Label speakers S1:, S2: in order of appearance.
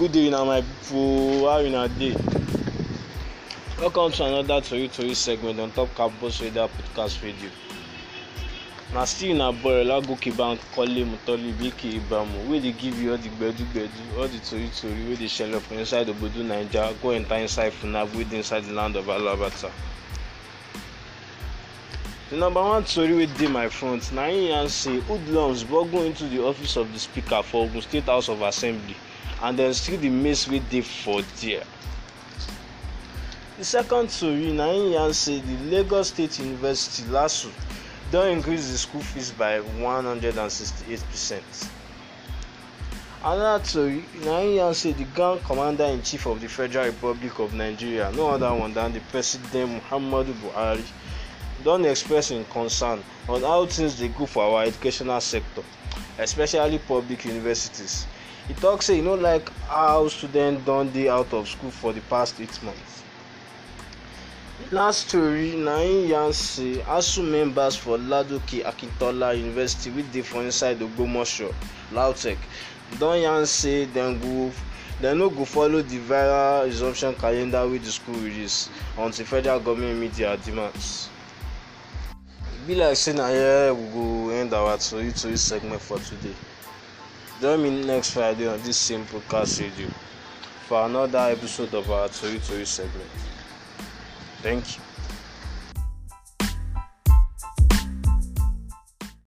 S1: good day na my pipo how una dey welcome to another tori tori segment on top campus Radio podcast radio na still na boy olagoke bankole mutolibi aka ibramu wey dey give you all the gbedu-gbedu all the tori-tori wey dey shele for inside obodo naija go enta inside funab wey dey inside the land of alabata di number one tori wey dey my front na im yarn say hoodlums burgle into the office of the speaker for ogun state house of assembly and dem still the maize wey dey for there di second tori na im yarn say di lagos state university lasu don increase di school fees by 168 percent another tori na im yarn say di gang commander in chief of di federal republic of nigeria no other one than di president muhammadu buhari don express im concern on how tins dey go for our educational sector especially public universities e tok say e no like how students don dey out of school for the past eight months last tori na im yarn say asuu members for ladoke akintola university wey dey for inside ogbomoso lautech don yarn say dem go dem no go follow di viral resumption calendar wey di school release until federal goment meet dia demands e be like say na here we go end our tori tori segment for today Join me next Friday on this same podcast radio for another episode of our Tori Tori segment. Thank you.